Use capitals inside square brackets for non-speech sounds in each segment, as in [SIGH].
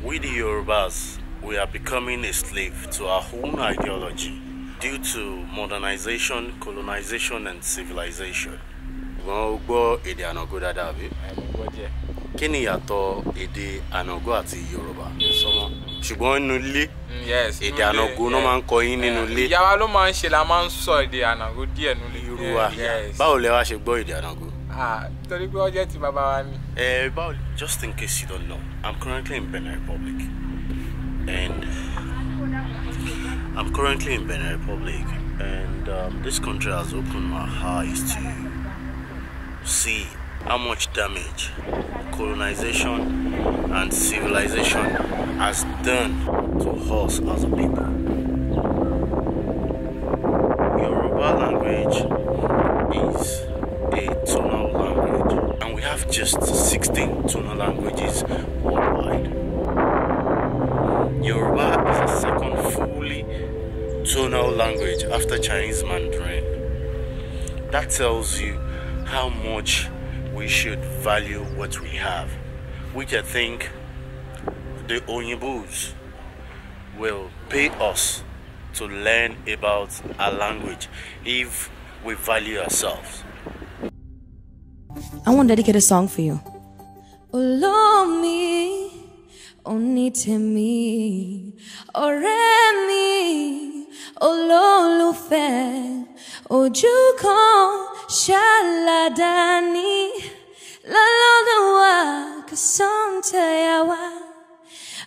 With the Yorubas, we are becoming a slave to our own ideology due to modernization, colonization and civilization. Wọ́n ó èdè ànàgó àti Yorùbá? Ṣùgbọ́n nínú ilé, mm, èdè ànàgó náà máa ń kọ yín nínú ilé. Eh, ìyá wa ló máa ń ṣe la máa ń sọ èdè ànàgó díẹ̀ nínú ilé. Yorùbá, báwo lẹ wá ṣe gbọ́ èdè ànàgó? Ah, torí eh, just in case you don't know i'm currently in Benin Republic and i'm currently in Benin Republic and um, this country has opened my eyes to see how much damage colonization and civilization has done to us as a people. Yoruba language is a tool have just 16 tonal languages worldwide. Yoruba is a second fully tonal language after Chinese Mandarin. That tells you how much we should value what we have, which I think the Onyebus will pay us to learn about our language if we value ourselves. I want to dedicate a song for you. Olomi, onitemi, oremi, ololufe, ojuko, shaladani, lalodwa, kasontayawa,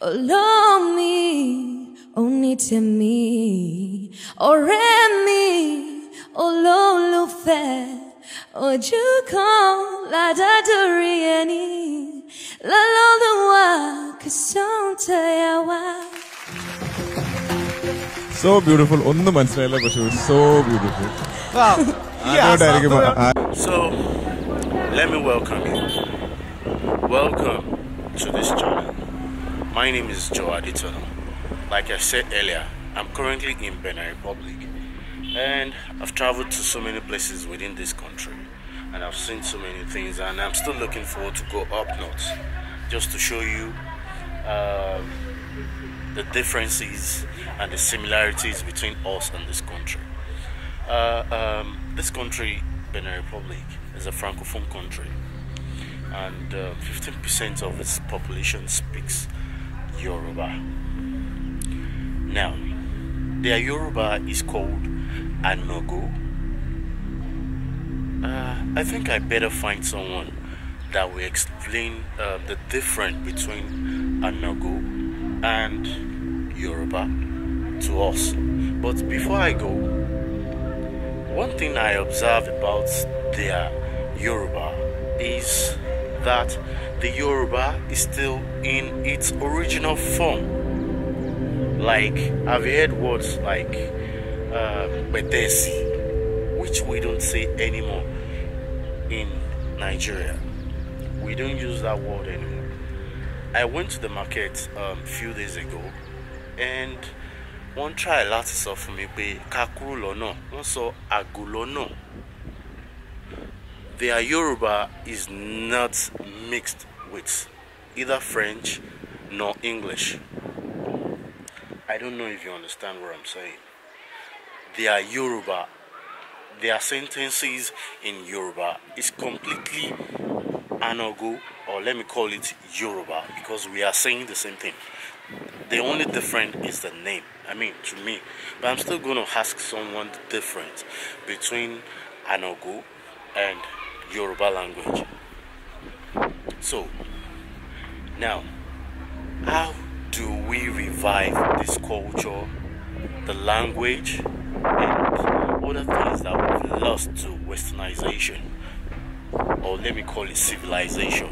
olomi, onitemi, oremi, ololufe, so beautiful! 랄랄라와 그 성태야와 So beautiful. ഒന്നും മനസ്സിലായില്ല പക്ഷേ so [LAUGHS] So let me welcome you. Welcome to this channel. My name is Joe Aditono. Like I said earlier, I'm currently in Benin Republic and I've traveled to so many places within this country and I've seen so many things, and I'm still looking forward to go up north just to show you um, the differences and the similarities between us and this country. Uh, um, this country, Benin Republic, is a francophone country, and 15% uh, of its population speaks Yoruba. Now, their Yoruba is called Anogo uh, I think I better find someone that will explain uh, the difference between Anago and Yoruba to us. But before I go, one thing I observe about their Yoruba is that the Yoruba is still in its original form. Like, I've heard words like uh, Betesi, which we don't say anymore in Nigeria. We don't use that word anymore. I went to the market um, a few days ago and one try last of fún mi pé ká kúrò lọ́nà wọ́n sọ Their Yoruba is not mixed with either French nor English. I don't know if you understand what I'm saying. Their Yoruba their sentences in Yoruba. is completely Anogo, or let me call it Yoruba, because we are saying the same thing. The only different is the name. I mean, to me, but I'm still going to ask someone the difference between Anogo and Yoruba language. So, now, how do we revive this culture, the language, and one of the things that we've lost to westernization, or let me call it civilization.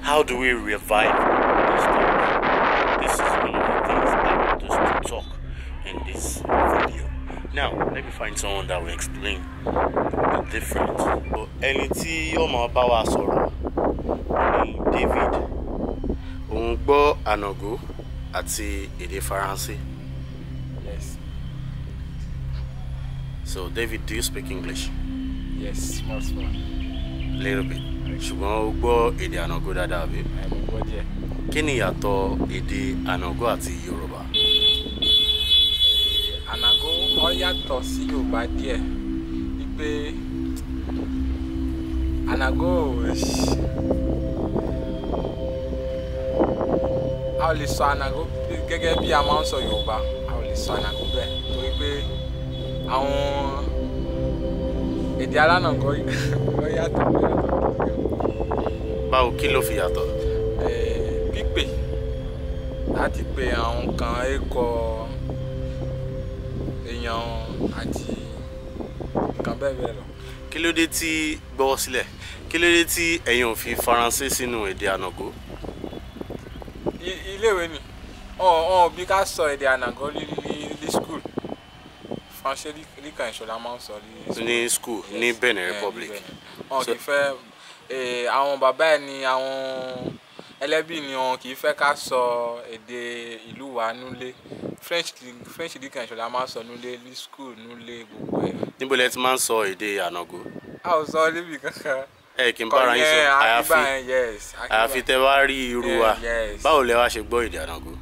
How do we revive this story? This is one of the things I want us to talk in this video. Now, let me find someone that will explain the difference. Ẹni tí ó máa bá David. Òun gbọ́ ànàgó àti èdè Faransé. So David, do you speak English? Yes, small small. Little bit. Ṣùgbọ́n o gbọ́ èdè ànágó dáadáa bí? Mo gbọ́ díẹ̀. Kí ni ìyàtọ̀ èdè ànágó àti Yorùbá? Ànágó ó yàtọ̀ sí Yorùbá díẹ̀ wípé ànágó a ò lè sọ ànágó gẹ́gẹ́ bí a máa ń sọ Yorùbá a ò lè sọ ànágó bẹ́ẹ̀ torí pé àwọn èdè alánàkọ́ yàtọ̀ báwo kí ló fi yàtọ̀. pípè láti pe àwọn kan ẹ̀kọ́ èèyàn àti nǹkan bẹ́ẹ̀ bẹ́ẹ̀ lọ. kí ló dé tí gbọ́wọ́ sílẹ̀ kí ló dé tí ẹ̀yin ò fi faransé sínú èdè ànàgó. iléèwé ni ọ̀ ọ̀ bí ká sọ èdè ànàgó líli fa ṣe líka ìṣọ̀lá máa ń sọ ní. ni school ní Benin Republic. wọn kì í fẹ́ e, àwọn bàbá ẹ̀ ni àwọn ẹlẹ́bí ni wọn kì í fẹ́ ká sọ èdè ìlú wa núlé French French líka ìṣọ̀lá máa ń sọ núlé ní school núlé gbogbo ẹ̀. níbo lẹ ti máa ń sọ èdè ànágó. a ò sọ níbi kankan ẹ kì í bára yín sọ àyàfi àyàfi tẹ bá rí irú wa báwo lẹ wá ṣe gbọ́ èdè ànágó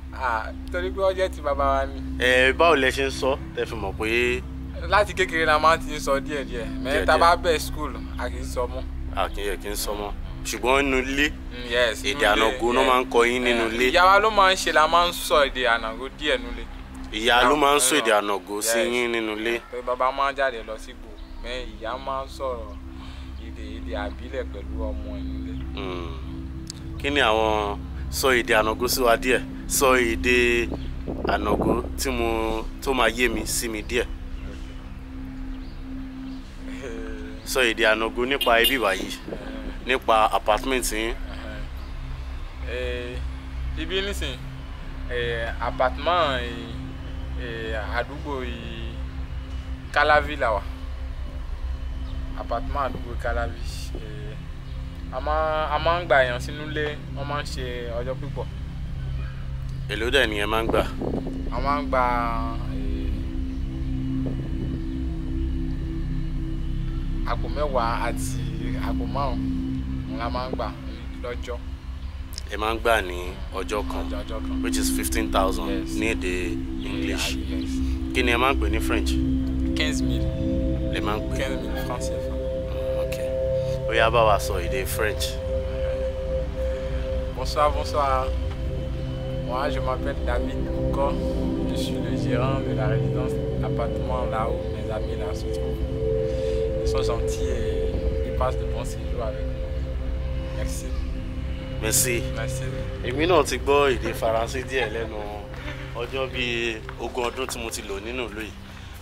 torí pé ọjọ́ ti bàbá wa ni. ẹ báwo lẹ ṣe ń sọ tẹ fi mọ̀ pé. láti kékeré la máa ti ń sọ díẹ̀ díẹ̀ mẹ tá a bá bẹ skul a kì í sọ mọ́. a kì í kì í sọ mọ́ ṣùgbọ́n nínú ilé mm, èdè ànàgó náà máa ń kọ yín nínú ilé. Eh, ìyá wa ló máa ń ṣe la máa ń sọ èdè ànàgó díẹ̀ nílé. ìyá ló máa ń sọ èdè ànàgó sí yín nínú ilé. bàbá máa ń jáde lọ sí ipò mẹ ìyá máa ń sọ̀rọ̀ èdè èdè àbílẹ̀ pẹ̀lú ọmọ ìnílé. Hmm. kí ni àwọn sọ èdè ànàgó sí wa díẹ̀ sọ èdè ànàgó tí mo tó máa yé mi sí mi díẹ̀ sọ èdè ànàgó nípa ibi ìwàyí nípa apartment yín. ibi nísìn apartment àdúgbò Kalavi la wà apartment àdúgbò Kalavi a máa ń gba èèyàn sínú ilé wọ́n máa ń ṣe ọjọ́ pípọ̀ èló dẹ̀ nìyẹn máa ń gbà. a máa ń gba àpò eh, mẹ́wàá àti àpò márùn-ún la máa ń gbà lọ́jọ́. ẹ máa ń gbà ní ọjọ́ kan which is fifteen thousand ní èdè English kí ni ẹ máa ń pè ní French. quinze mille. lè máa ń pè quinze mille francs mm, ok ó yá sọ èdè French. bonsoir bonsoir. Moi, je m'appelle David Boucan. Je suis le gérant de la résidence appartement là où mes amis là se trouvent. Ils sont gentils et ils passent de bons séjours avec nous. Merci. Merci. Merci. Èmi náà ti gbọ́ èdè Faransé díẹ̀ lẹ́nu ọjọ́ bíi ogún ọdún tí mo ti lò nínú ìlú yìí.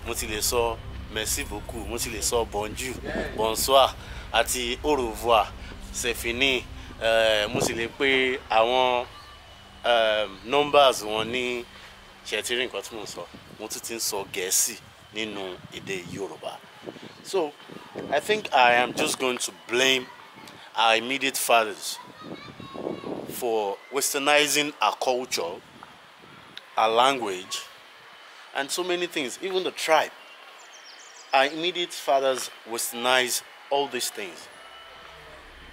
Mo ti lè sọ merci beaucoup, mo ti lè sọ bonjour, bonsoir àti au revoir, c'est fini. Eh, mo sì lè pe àwọn. Um, numbers one, ní ṣe ti rí nǹkan tí mò ń sọ mo tún ti ń sọ gẹ̀ẹ́sì nínú èdè yorùbá so i think i am just going to blame our immediate fathers for westernizing our culture our language and so many things even the tribe our immediate fathers westernized all these things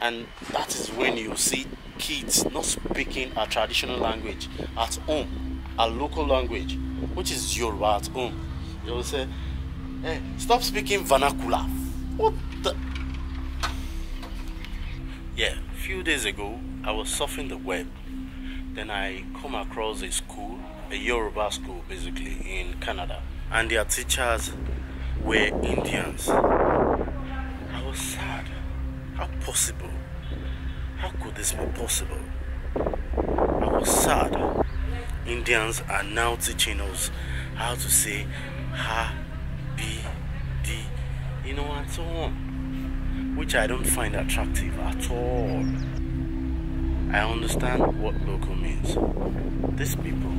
and that is when you see kids not speaking a traditional language at home, a local language, which is Yoruba at home. They will say, hey, stop speaking vernacular. What the? Yeah, a few days ago, I was surfing the web. Then I come across a school, a Yoruba school basically, in Canada. And their teachers were Indians. I was sad. How possible? How could this be possible? I was sad. Indians are now teaching us how to say ha, di, you know, and so on, which I don't find attractive at all. I understand what local means. These people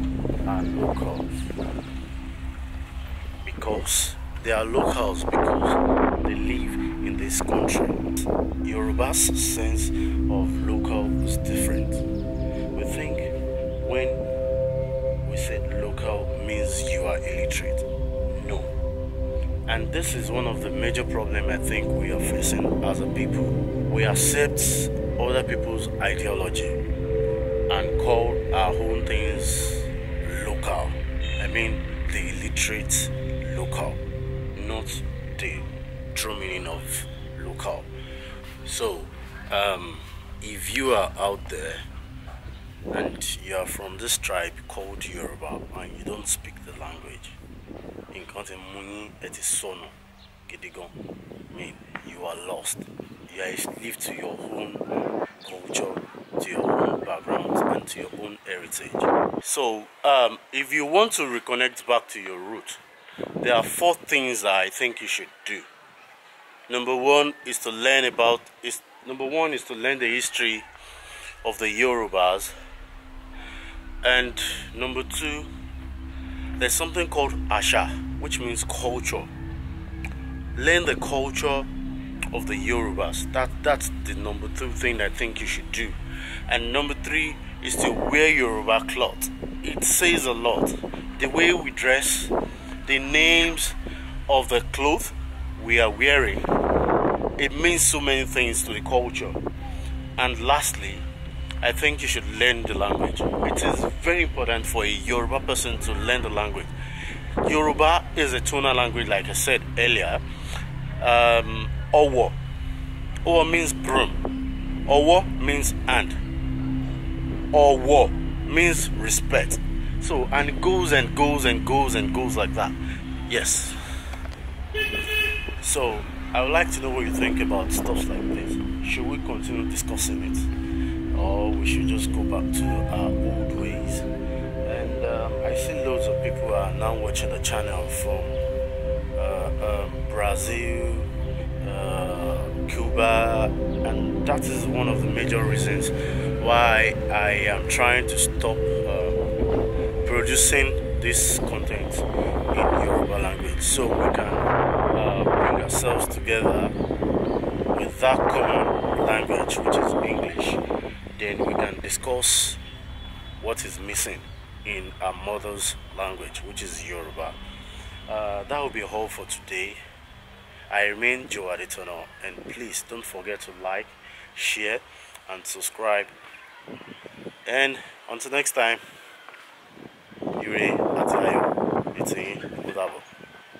are locals because they are locals because they live in this country. Yoruba's sense of local is different. We think when we say local means you are illiterate. No. And this is one of the major problems I think we are facing as a people. We accept other people's ideology and call our own things local. I mean the illiterate local, not the true meaning of local. So, um, if you are out there and you are from this tribe called Yoruba and you don't speak the language, nǹkan tí mú yín ẹ ti mu yin e ti mean you are lost. You are to slave to your own culture, to your own background, and to your own heritage. So, um, if you want to reconnect back to your root, there are four things that I think you should do number one is to learn about is number one is to learn the history of the Yorubas and number two there's something called Asha which means culture learn the culture of the Yorubas that that's the number two thing I think you should do and number three is to wear Yoruba cloth it says a lot the way we dress the names of the cloth we are wearing. It means so many things to the culture. And lastly, I think you should learn the language. It is very important for a Yoruba person to learn the language. Yoruba is a tonal language, like I said earlier. Um, Owo. Owo means broom. Owo means and. Owo means respect. So, and goes and goes and goes and goes like that. Yes, so I would like to know what you think about stuff like this. Should we continue discussing it? Or we should just go back to our old ways? And um, I see loads of people are now watching the channel from uh, um, Brazil, uh, Cuba, and that is one of the major reasons why I am trying to stop uh, producing this content in Yoruba language so we can bring ourselves together with that common language, which is English, then we can discuss what is missing in our mother's language, which is Yoruba. Uh, that will be all for today. I remain Joe Aditono, and please don't forget to like, share, and subscribe. And until next time, Yure Atayo, it's